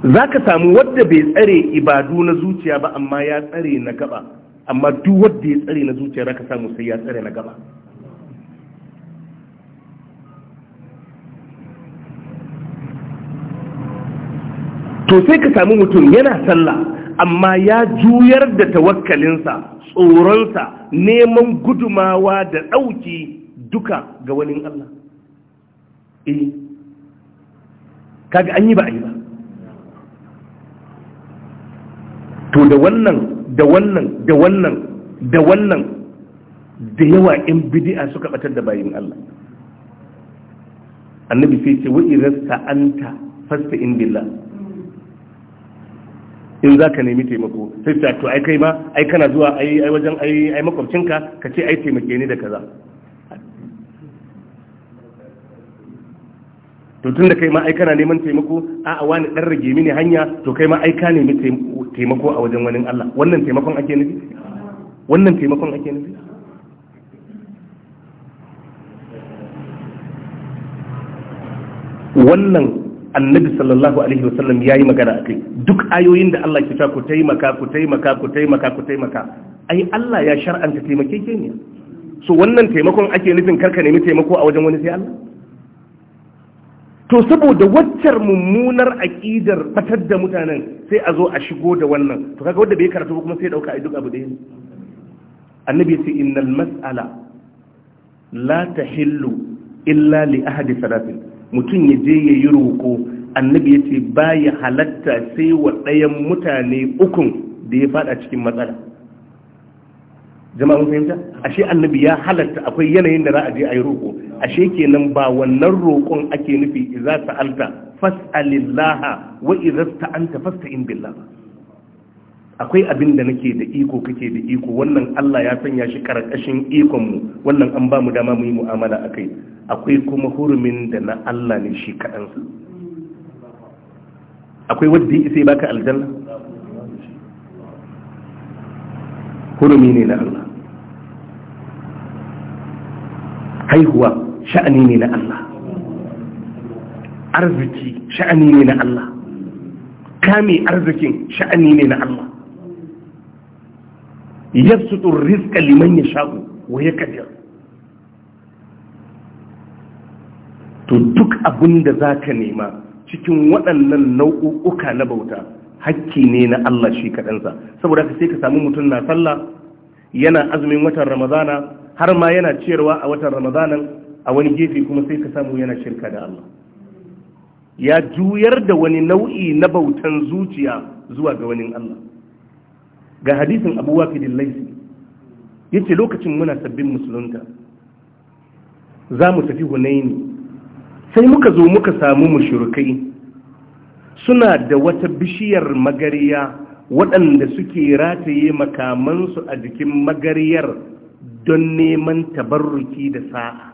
za ka samu wadda bai tsare ibadu na zuciya ba amma ya tsare na gaba amma duk wadda ya tsare na zuciya za ka samu sai ya tsare na gaba to sai ka samu mutum yana sallah amma ya juyar da tawakkalinsa tsoronsa neman gudumawa da ɗauki duka ga wani Allah eh kaga an yi ba a yi ba to da wannan da wannan da wannan da wannan da yawa in bidi'a suka batar da bayin Allah annabi sai ce wa irasta anta fasta in billah in za ka nemi taimako sai ta to ai kai ma ai kana zuwa ai wajen ai makwabcinka ka ce ai taimake ni da kaza to tun da kai ma aika na neman taimako a a wani dan rage mini hanya to kai ma aika ne nemi taimako a wajen wani Allah wannan taimakon ake nufi wannan taimakon ake nufi wannan annabi sallallahu alaihi wasallam ya yi magana a kai duk ayoyin da Allah ke ku taimaka ku taimaka ku taimaka ku taimaka ai Allah ya shar'anta taimakekeniya so wannan taimakon ake nufin karka nemi taimako a wajen wani sai Allah to saboda waccar mummunar aƙidar batar da mutanen sai a zo a shigo da wannan to kaga wanda bai karatu kuma sai dauka a duk abu ɗaya annabi sai innal mas'ala la tahillu illa li ahadi salatin mutum ya je yayi roko annabi yace ya halatta sai wa ɗayan mutane ukun da ya fada cikin matsala jama'a mun fahimta ashe annabi ya halatta akwai yanayin da za a je a yi roƙo ashe kenan ba wannan roƙon ake nufi idza sa'alta fas'alillaha wa idza sta'anta fasta'in billah akwai abin da nake da iko kake da iko wannan Allah ya sanya shi karkashin ikon mu wannan an ba mu dama mu yi mu'amala akai akwai kuma hurumin da na Allah ne shi kaɗansa akwai wanda yake isa baka aljanna hurumi ne na Allah haihuwa sha'ani ne na Allah arziki sha'ani ne na Allah kame arzikin sha'ani ne na Allah yabsutu rizqa liman yasha'u wa yaqdir to duk abin da zaka nema cikin waɗannan nau'uka na bauta hakki ne na Allah shi kaɗansa saboda ka sai ka samu mutum na sallah yana azumin watan ramadana har ma yana ciyarwa a watan ramadanan a wani gefe kuma sai ka samu yana shirka da Allah ya juyar da wani nau'i na bautan zuciya zuwa ga wani Allah ga hadisin abu wafidin laifi yace lokacin muna sabbin musulunta za mu tafi hunaini sai muka zo muka samu mushrikai suna da wata bishiyar magariya waɗanda suke rataye makamansu a jikin magariyar don neman tabarruki da sa'a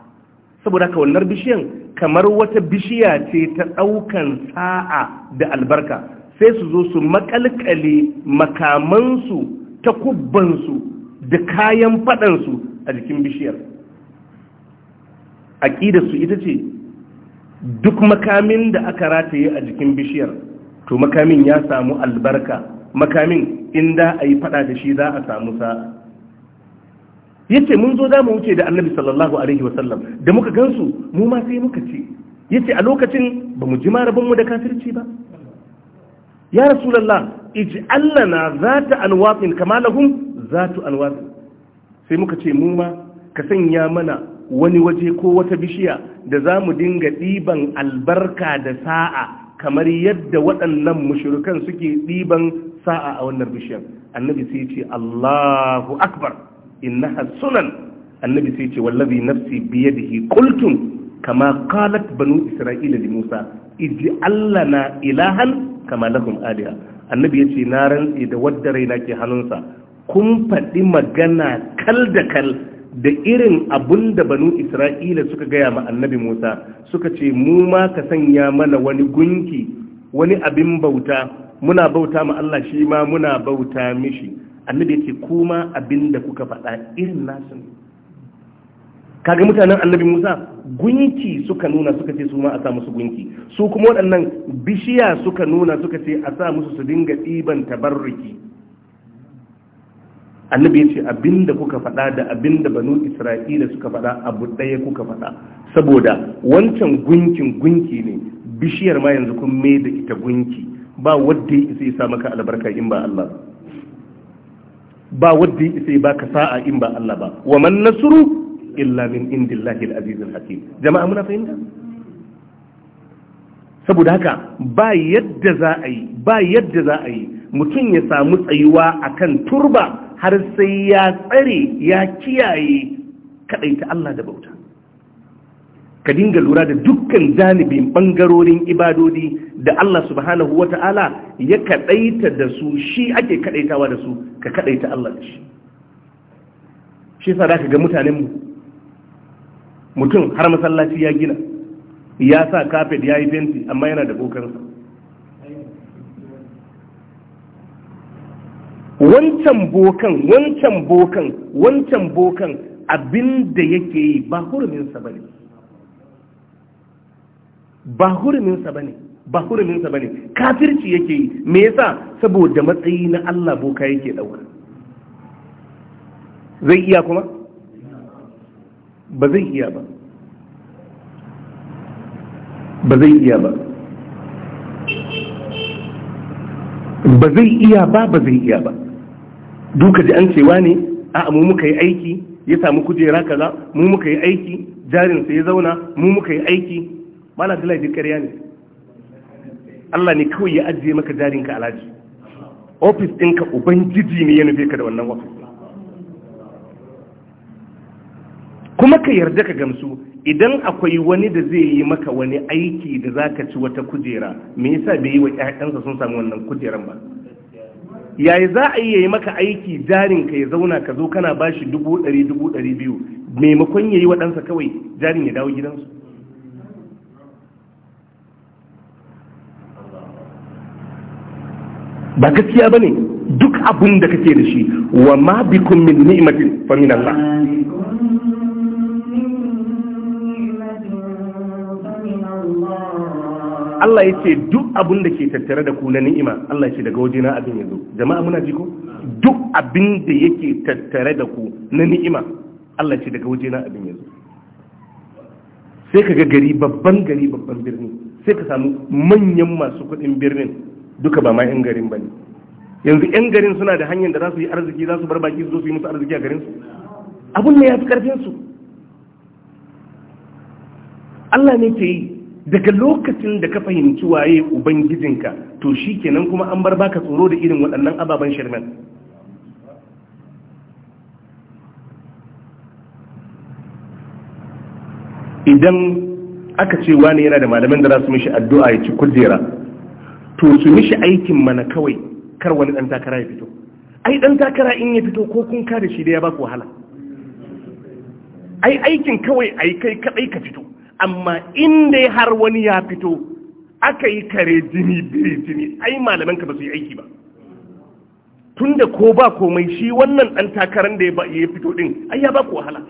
saboda haka wannan bishiyan kamar wata bishiya ce ta ɗaukan sa'a da albarka sai su zo su makalkale makamansu ta kubbansu da kayan faɗansu a jikin bishiyar aƙidarsu ita ce duk makamin da aka rataye a jikin bishiyar to makamin ya samu albarka makamin inda a yi fada da shi za a samu ya yace mun zo za mu wuce da annabi sallallahu alaihi wasallam da muka gansu mu ma sai muka ce yace a lokacin ba mu ji marabin mu da kafirci ba ya rasulullah ij'al lana zata alwafin kama zatu alwafin sai muka ce mu ma ka sanya mana wani waje ko wata bishiya da za mu dinga ɗiban albarka da sa'a kamar yadda waɗannan mashirukan suke ɗiban sa'a a wannan bishiyar annabi sai ce Allahu akbar Inna sunan annabi sai ce wallazi nafsi da qultum kama qalat banu isra'ila da musa Allah na ilahan kama lahum aliha annabi yace na rantsi da wadda raina ke hannunsa kun faɗi magana kal da kal da irin abun da banu isra'ila suka gaya ma annabi musa suka ce mu ma ka sanya mana wani gunki wani abin bauta muna bauta ma allah shi ma muna bauta mishi annabi ya ce kuma abin da kuka faɗa irin nasu ne kaga mutanen annabi musa gunki suka nuna suka ce su ma a sa musu gunki su kuma waɗannan bishiya suka nuna suka ce a sa musu su dinga ɗiban tabarruki annabi ya ce abinda kuka faɗa da abinda banu isra'ila suka faɗa abu ɗaya kuka faɗa saboda wancan gunkin gunki ne bishiyar ma yanzu kun mai da ita gunki ba wadda ya isa isa maka albarka in ba Allah ba wadda ya isa ba ka sa'a in ba Allah ba wa man nasru illa min indillahi al-aziz al-hakim jama'a muna fahimta saboda haka ba yadda za a yi ba yadda za a yi mutum ya samu tsayuwa akan turba har sai ya tsare ya kiyaye kaɗaita Allah da bauta ka dinga lura da dukkan zanibin ɓangarorin ibadodi da Allah subhanahu wa ta'ala ya kaɗaita da su shi ake kaɗaitawa da su ka kaɗaita Allah da shi shi sa ka ga mutanenmu mutum har masallaci ya gina ya sa kafet ya yi fenti amma yana da kokarsa wancan bokan wancan bokan wancan bokan abin da yake yi ba huruminsa ba ne ba huruminsa ba ne ba huruminsa ba ne kafirci yake yi me yasa saboda matsayi na Allah boka yake ɗauka zai iya kuma ba zai iya ba ba zai iya ba ba zai iya ba ba zai iya ba duka ji an cewa ne a mu muka yi aiki ya samu kujera kaza mu muka yi aiki jarinsa ya zauna mu muka yi aiki mala da ƙarya ne Allah ne kawai ya ajiye maka jarin jarinka alhaji ofis ɗinka ubangiji ne ya nufe ka da wannan kuma ka yarda ka gamsu idan akwai wani da zai yi maka wani aiki da zaka ci wata kujera me yasa bai yi wa ƴaƴansa sun samu wannan kujeran ba yayi za a yi maka aiki jarin ka ya zauna ka zo kana ba shi dubu ɗari dubu ɗari biyu maimakon ya yi waɗansa kawai jarin ya dawo gidansu ba gaskiya ba ne duk abin da kake da shi wa ma bikum min ni'imatin famin Allah Allah ya ce duk abin da ke tattare da ku na ni'ima Allah ya ce daga wajena abin ya zo jama'a muna ji ko duk abin da yake tattare da ku na ni'ima Allah ya ce daga wajena abin ya zo sai ka ga gari babban gari babban birni sai ka samu manyan masu kuɗin birnin duka ba ma 'yan garin ba ne yanzu 'yan garin suna da hanyar da za su yi arziki za su bar baki su zo su yi musu arziki a su abun ne ya fi su Allah ne ke yi daga lokacin da ka fahimci waye ubangijinka to shi kenan kuma an bar baka tsoro da irin waɗannan ababen shirmen idan aka ce wani yana da malamin da za su mishi addu'a ya ci kujera to su mishi aikin mana kawai kar wani ɗan takara ya fito ai ɗan takara in ya fito ko kun kare da shi da ya ba ku wahala ai aikin kawai ai kai kaɗai ka fito amma in dai har wani ya fito aka yi kare jini biri jini ai malaman ka ba su yi aiki ba tunda ko ba komai shi wannan ɗan takarar da ya fito ɗin ai ya ba ku wahala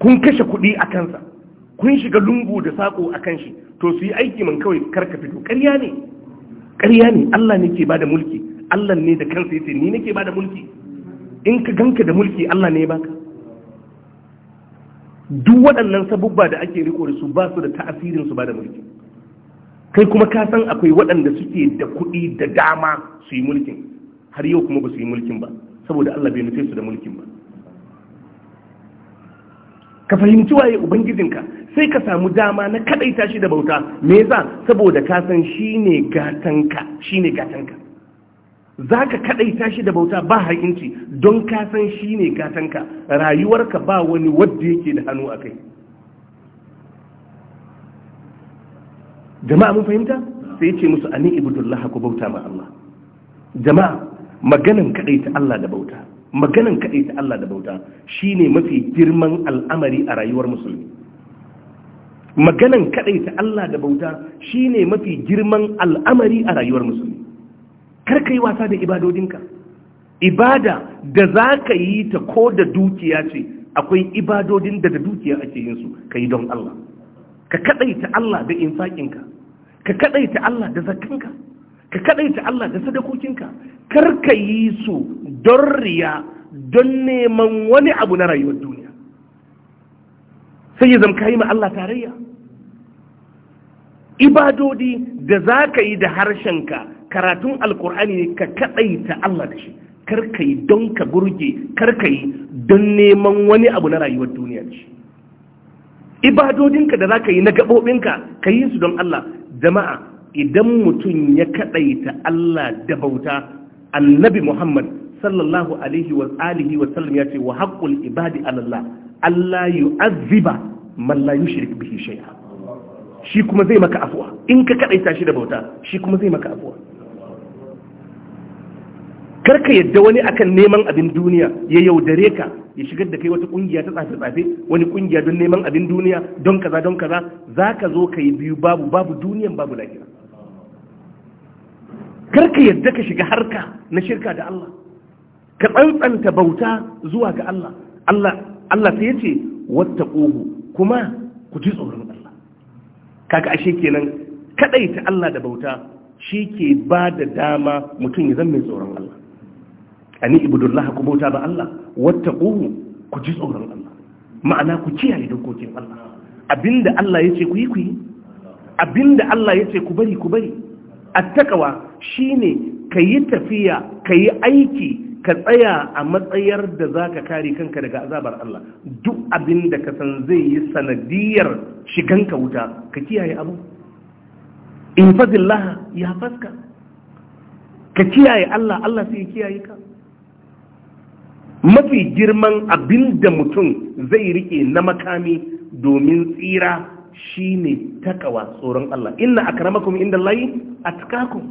kun kashe kuɗi a kansa kun shiga lungu da saƙo a kan shi to su yi aiki man kawai karka fito ƙarya ne ƙarya ne Allah ne ke bada mulki Allah ne da kansa yace ni nake bada mulki in ka ganka da mulki Allah ne ya baka duk waɗannan sabubba da ake riko da su ba su da ta'asirin su ba da mulki kai kuma ka san akwai waɗanda suke da kuɗi da dama su yi mulkin har yau kuma ba su yi mulkin ba saboda Allah bai nufe su da mulkin ba ka fahimci waye ubangijinka sai ka samu dama na kadaita shi da bauta me yasa saboda ka san shine gatanka shine gatanka za ka kaɗaita shi da bauta ba haƙinci don ka san shi ne gatanka rayuwarka ba wani wadda yake da hannu a kai jama'a mun fahimta sai ce musu ani ibudullah ku bauta ma Allah jama'a maganan kaɗaita Allah da bauta maganan kaɗaita Allah da bauta ne mafi girman al'amari a rayuwar musulmi maganan kaɗaita Allah da bauta shine mafi girman al'amari a rayuwar musulmi kar ka yi wasa da ibadodinka ibada da za ka yi ta ko da dukiya ce akwai ibadodin da da dukiya ake yin su ka yi don Allah ka kadaita Allah da infakinka ka kadaita Allah da zakinka ka kadaita Allah da sadakokinka karka yi su don riya don neman wani abu na rayuwar duniya sai ya zama ka yi ma Allah tarayya ibadodi da za ka yi da harshenka karatun alkur'ani ne ka kaɗaita Allah da shi ka yi don ka gurge ka yi don neman wani abu na rayuwar duniya shi. ibadodinka da za ka yi na gaɓoɓinka ka yi su don Allah jama'a idan mutum ya kaɗaita Allah da bauta annabi Muhammad sallallahu alaihi wa alihi wa sallam ya ce wa haqqul ibadi alallah Allah yu'azziba man la yushrik bihi shay'a shi kuma zai maka afuwa in ka kaɗaita shi da bauta shi kuma zai maka afuwa Kar ka yadda wani akan neman abin duniya ya yaudare ka ya shigar da kai wata kungiya ta tsafe-tsafe wani kungiya don neman abin duniya don kaza don kaza za ka zo ka yi biyu babu babu duniyan babu lahira ka yadda ka shiga harka na shirka da Allah ka tsantsanta bauta zuwa ga Allah Allah Allah sai yace wattaquhu kuma ku ji tsoron Allah kaga ashe kenan kadaita Allah da bauta shi ke ba da dama mutum ya zama mai tsoron Allah ani ibudullah ku bauta ba Allah wattaqu ku ji tsoron Allah ma'ana ku kiyaye dokokin Allah abinda Allah yace ku yi ku yi abinda Allah yace ku bari ku bari attaqwa shine kayi tafiya kayi aiki ka tsaya a matsayar da za ka kare kanka daga azabar Allah duk abinda ka san zai yi sanadiyar shiganka wuta ka kiyaye abu in fazillah ya faska ka kiyaye Allah Allah sai ya kiyaye ka mafi girman abin da mutum zai rike na makami domin tsira shine takawa tsoron Allah inna akramakum indallahi atqakum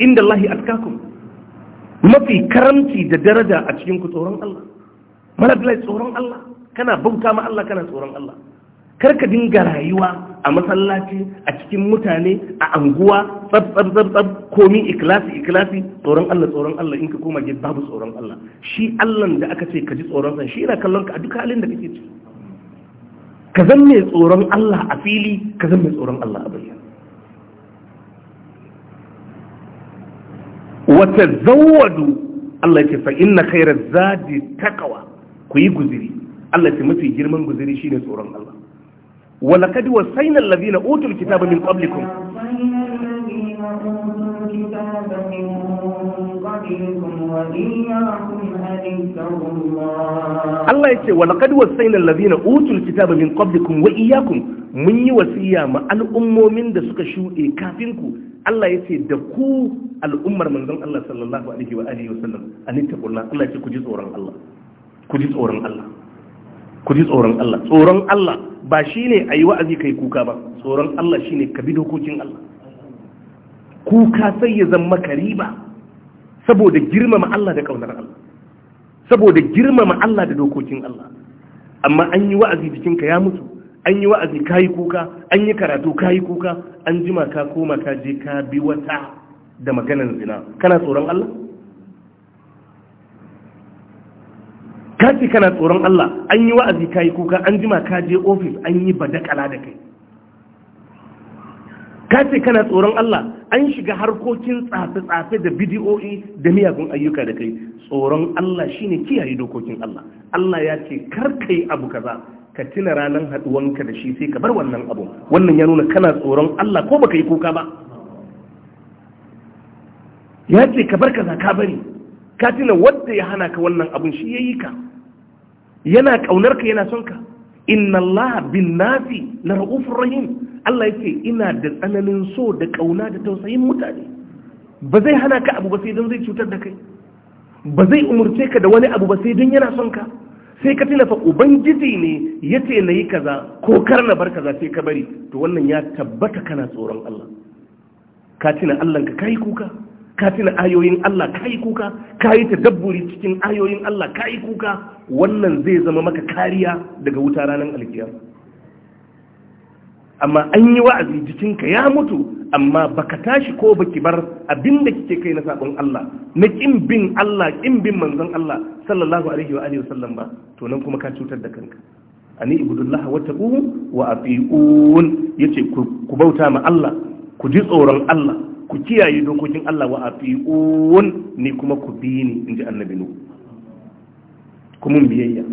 inda layi a atqakum mafi karamci da daraja a cikin ku tsoron Allah bilai tsoron Allah kana bauta ma Allah kana tsoron Allah karka dinga rayuwa a masallaci a cikin mutane a anguwa tsab tsab tsab tsab komi ikilasi ikilasi tsoron Allah tsoron Allah in ka koma gida babu tsoron Allah shi Allah da aka ce ka ji tsoron sa shi yana kallon ka a duk halin da kake ciki ka zan mai tsoron Allah a fili ka zan mai tsoron Allah a bayyana wa tazawwadu Allah ya ce fa inna khairaz zadi taqwa ku yi guziri Allah ya ce mafi girman guziri shine tsoron Allah ولقد وصينا الذين أوتوا الكتاب من قبلكم Allah ya ce wa laqad wasayna allazina utul kitaba min qablikum wa iyyakum mun yi wasiya ma al'ummomin da suka shuɗe kafin ku Allah ya ce da ku al'ummar manzon Allah sallallahu alaihi wa alihi wasallam an taqullah Allah ya ce ku ji tsoron Allah ku ji tsoron Allah ku ji tsoron Allah tsoron Allah ba shi ne a yi wa'azi kai kuka ba tsoron Allah shi ne ka bi dokokin Allah kuka sai ya zama kariba saboda girmama Allah da ƙaunar Allah saboda girmama Allah da dokokin Allah amma an yi wa'azi jikinka ya mutu an yi wa'azi ka yi kuka an yi karatu ka yi kuka an jima ka koma ka je ka bi wata da maganar zina kana tsoron Allah ka kana tsoron Allah an yi wa'azi ka yi kuka an jima ka je ofis an yi badakala da kai ka kana tsoron Allah an shiga harkokin tsafe-tsafe da bidiyo'i da miyagun ayyuka da kai tsoron Allah shine kiyaye dokokin Allah Allah ya ce kar yi abu kaza ka tuna ranar haduwanka da shi sai ka bar wannan abu wannan ya nuna kana tsoron Allah ko baka yi kuka ba ya ce ka bar kaza ka bari Katina tuna wadda ya hana ka wannan abin shi ya yi ka yana ƙaunar ka yana son ka inna Allah bin nafi na ra'ufin rahim Allah yake ina da tsananin so da ƙauna da tausayin mutane ba zai hana ka abu ba sai don zai cutar da kai ba zai umurce ka da wani abu ba sai don yana son ka sai ka tuna fa ubangiji ne yace ce na yi kaza ko kar na bar kaza sai ka bari to wannan ya tabbata kana tsoron Allah ka tuna Allah ka kai kuka ka tuna ayoyin Allah ka yi kuka ka yi ta dabburi cikin ayoyin Allah ka yi kuka wannan zai zama maka kariya daga wuta ranar alkiyar amma an yi wa'azi jikinka ya mutu amma baka tashi ko baki bar abin da kike kai na sabon Allah na kin bin Allah kin bin manzon Allah sallallahu alaihi wa alihi wasallam ba to nan kuma ka cutar da kanka ani ibudullah wa taqu wa atiun yace ku bauta ma Allah ku ji tsoron Allah ku kiyaye dokokin Allah wa afi'un ni kuma ku bi ni inji annabi nu kuma biyayya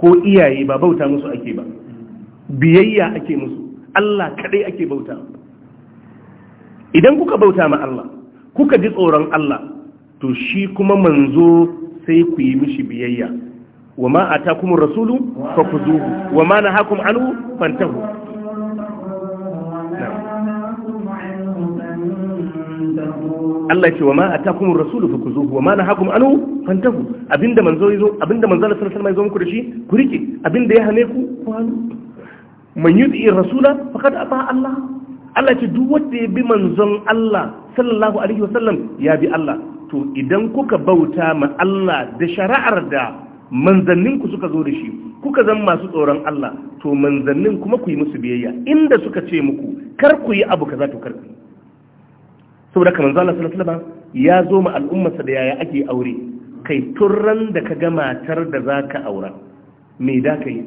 ko iyaye ba bauta musu ake ba biyayya ake musu Allah kadai ake bauta idan kuka bauta ma Allah kuka ji tsoron Allah to shi kuma manzo sai ku yi mishi biyayya wa ma atakumur rasulu fakuzuhu wa ma nahakum anhu fantahu Allah ce wa ma atakumur rasulu fukuzuhu wa ma nahakum anhu fantahu abinda manzo yazo abinda manzo Allah sallallahu alaihi wasallam yazo muku da shi ku rike abinda ya hane ku ku hanu man yuti rasula faqad ata Allah Allah ce duk wanda ya bi manzon Allah sallallahu alaihi wasallam ya bi Allah to idan kuka bauta ma Allah da shari'ar da manzannin ku suka zo da shi kuka zan masu tsoron Allah to manzannin kuma ku yi musu biyayya inda suka ce muku kar ku yi abu kaza to kar ku saboda kamar zala sallallahu alaihi wasallam ya zo ma al'ummarsa da yaya ake aure kai turran da ka ga matar da za ka aura me da ka yi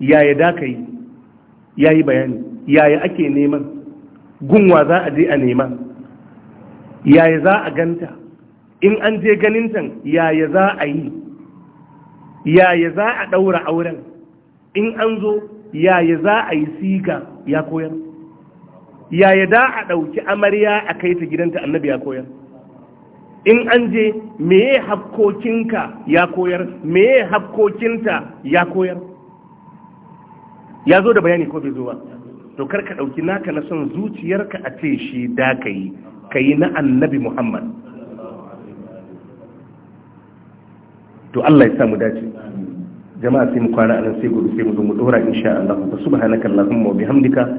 yaya da ka yi ya yi bayani yaya ake neman gunwa za a je a nema yaya za a ganta in an je ganintan yaya za a yi yaya za a ɗaura auren in an zo yaya za a yi siga ya koyar ya da a ɗauki amarya a kai ta gidanta annabi ya koyar in an je meye hakkokinka ya koyar meye hakkokinta ya koyar ya zo da bayani ko bai zo ba to kar ka ɗauki naka na son zuciyarka a ce shi da ka yi ka yi na annabi muhammad to allah ya samu dace jama'a sai mu kwana anan sai gobe sai mu zo mu dora insha Allah subhanaka allahumma wa bihamdika